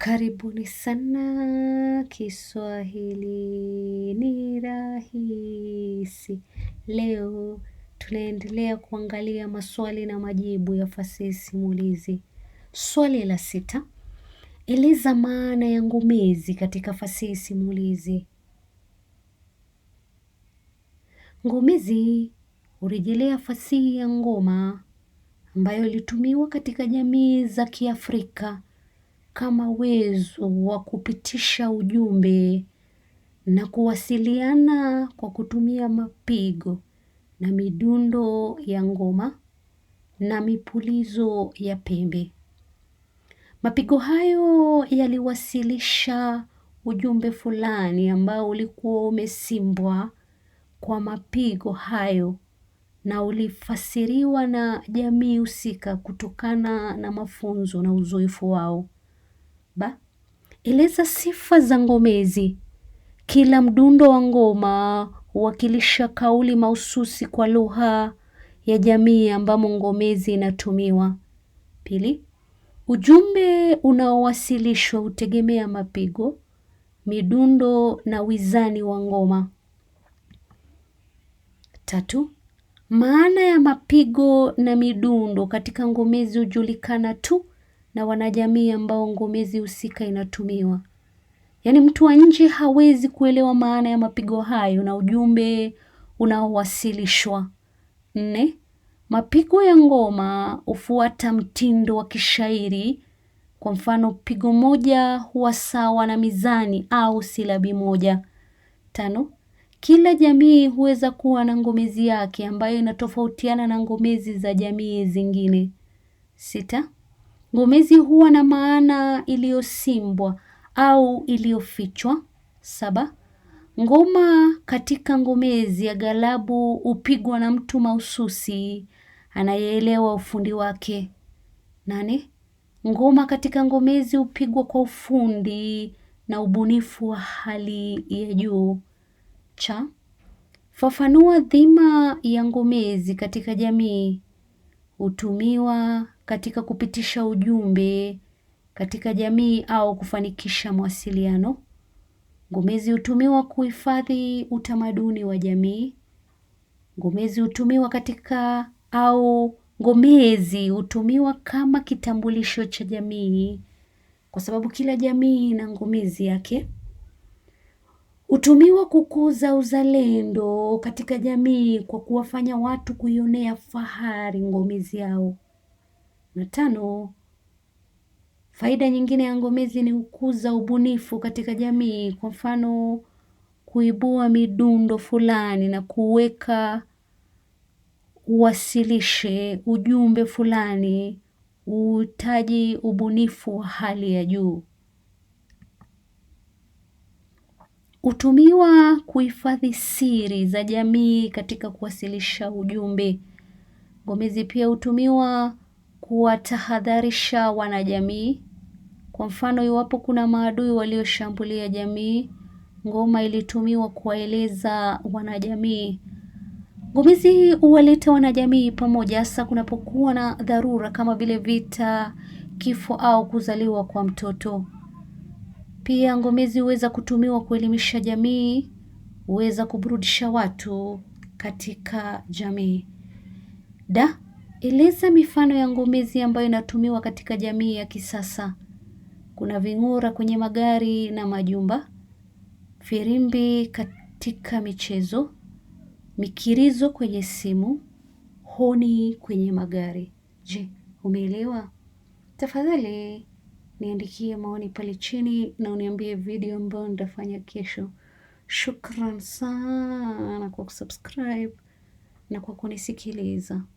Karibuni sana Kiswahili ni rahisi. Leo tunaendelea kuangalia maswali na majibu ya fasihi simulizi. Swali la sita. Eleza maana ya ngumizi katika fasihi simulizi. Ngumizi hurejelea fasihi ya ngoma ambayo ilitumiwa katika jamii za Kiafrika kama wezo wa kupitisha ujumbe na kuwasiliana kwa kutumia mapigo na midundo ya ngoma na mipulizo ya pembe. Mapigo hayo yaliwasilisha ujumbe fulani ambao ulikuwa umesimbwa kwa mapigo hayo na ulifasiriwa na jamii husika kutokana na mafunzo na uzoefu wao. Ba, eleza sifa za ngomezi. Kila mdundo wa ngoma huwakilisha kauli mahususi kwa lugha ya jamii ambamo ngomezi inatumiwa. Pili, ujumbe unaowasilishwa hutegemea mapigo, midundo na wizani wa ngoma. Tatu, maana ya mapigo na midundo katika ngomezi hujulikana tu na wanajamii ambao ngomezi husika inatumiwa. Yaani mtu wa nje hawezi kuelewa maana ya mapigo hayo na ujumbe unaowasilishwa. Nne, mapigo ya ngoma hufuata mtindo wa kishairi. Kwa mfano, pigo moja huwa sawa na mizani au silabi moja. Tano, kila jamii huweza kuwa na ngomezi yake ambayo inatofautiana na ngomezi za jamii zingine. Sita, Ngomezi huwa na maana iliyosimbwa au iliyofichwa. saba. Ngoma katika ngomezi aghalabu hupigwa na mtu mahususi anayeelewa ufundi wake. nane. Ngoma katika ngomezi hupigwa kwa ufundi na ubunifu wa hali ya juu. Cha, fafanua dhima ya ngomezi katika jamii. Hutumiwa katika kupitisha ujumbe katika jamii au kufanikisha mawasiliano. Ngomezi hutumiwa kuhifadhi utamaduni wa jamii. Ngomezi hutumiwa katika au ngomezi hutumiwa kama kitambulisho cha jamii kwa sababu kila jamii ina ngomezi yake. Hutumiwa kukuza uzalendo katika jamii kwa kuwafanya watu kuionea fahari ngomezi yao. Na tano, faida nyingine ya ngomezi ni kukuza ubunifu katika jamii, kwa mfano kuibua midundo fulani na kuweka uwasilishe ujumbe fulani uhitaji ubunifu wa hali ya juu. Hutumiwa kuhifadhi siri za jamii katika kuwasilisha ujumbe. Ngomezi pia hutumiwa kuwatahadharisha wanajamii. Kwa mfano, iwapo kuna maadui walioshambulia jamii, ngoma ilitumiwa kuwaeleza wanajamii. Ngoma hizi huwaleta wanajamii pamoja, hasa kunapokuwa na dharura kama vile vita, kifo au kuzaliwa kwa mtoto. Pia ngomezi huweza kutumiwa kuelimisha jamii, huweza kuburudisha watu katika jamii. Da, Eleza mifano ya ngomezi ambayo inatumiwa katika jamii ya kisasa. Kuna ving'ora kwenye magari na majumba, firimbi katika michezo, mikirizo kwenye simu, honi kwenye magari. Je, umeelewa? Tafadhali niandikie maoni pale chini na uniambie video ambayo nitafanya kesho. Shukran sana kwa kusubscribe na kwa kunisikiliza.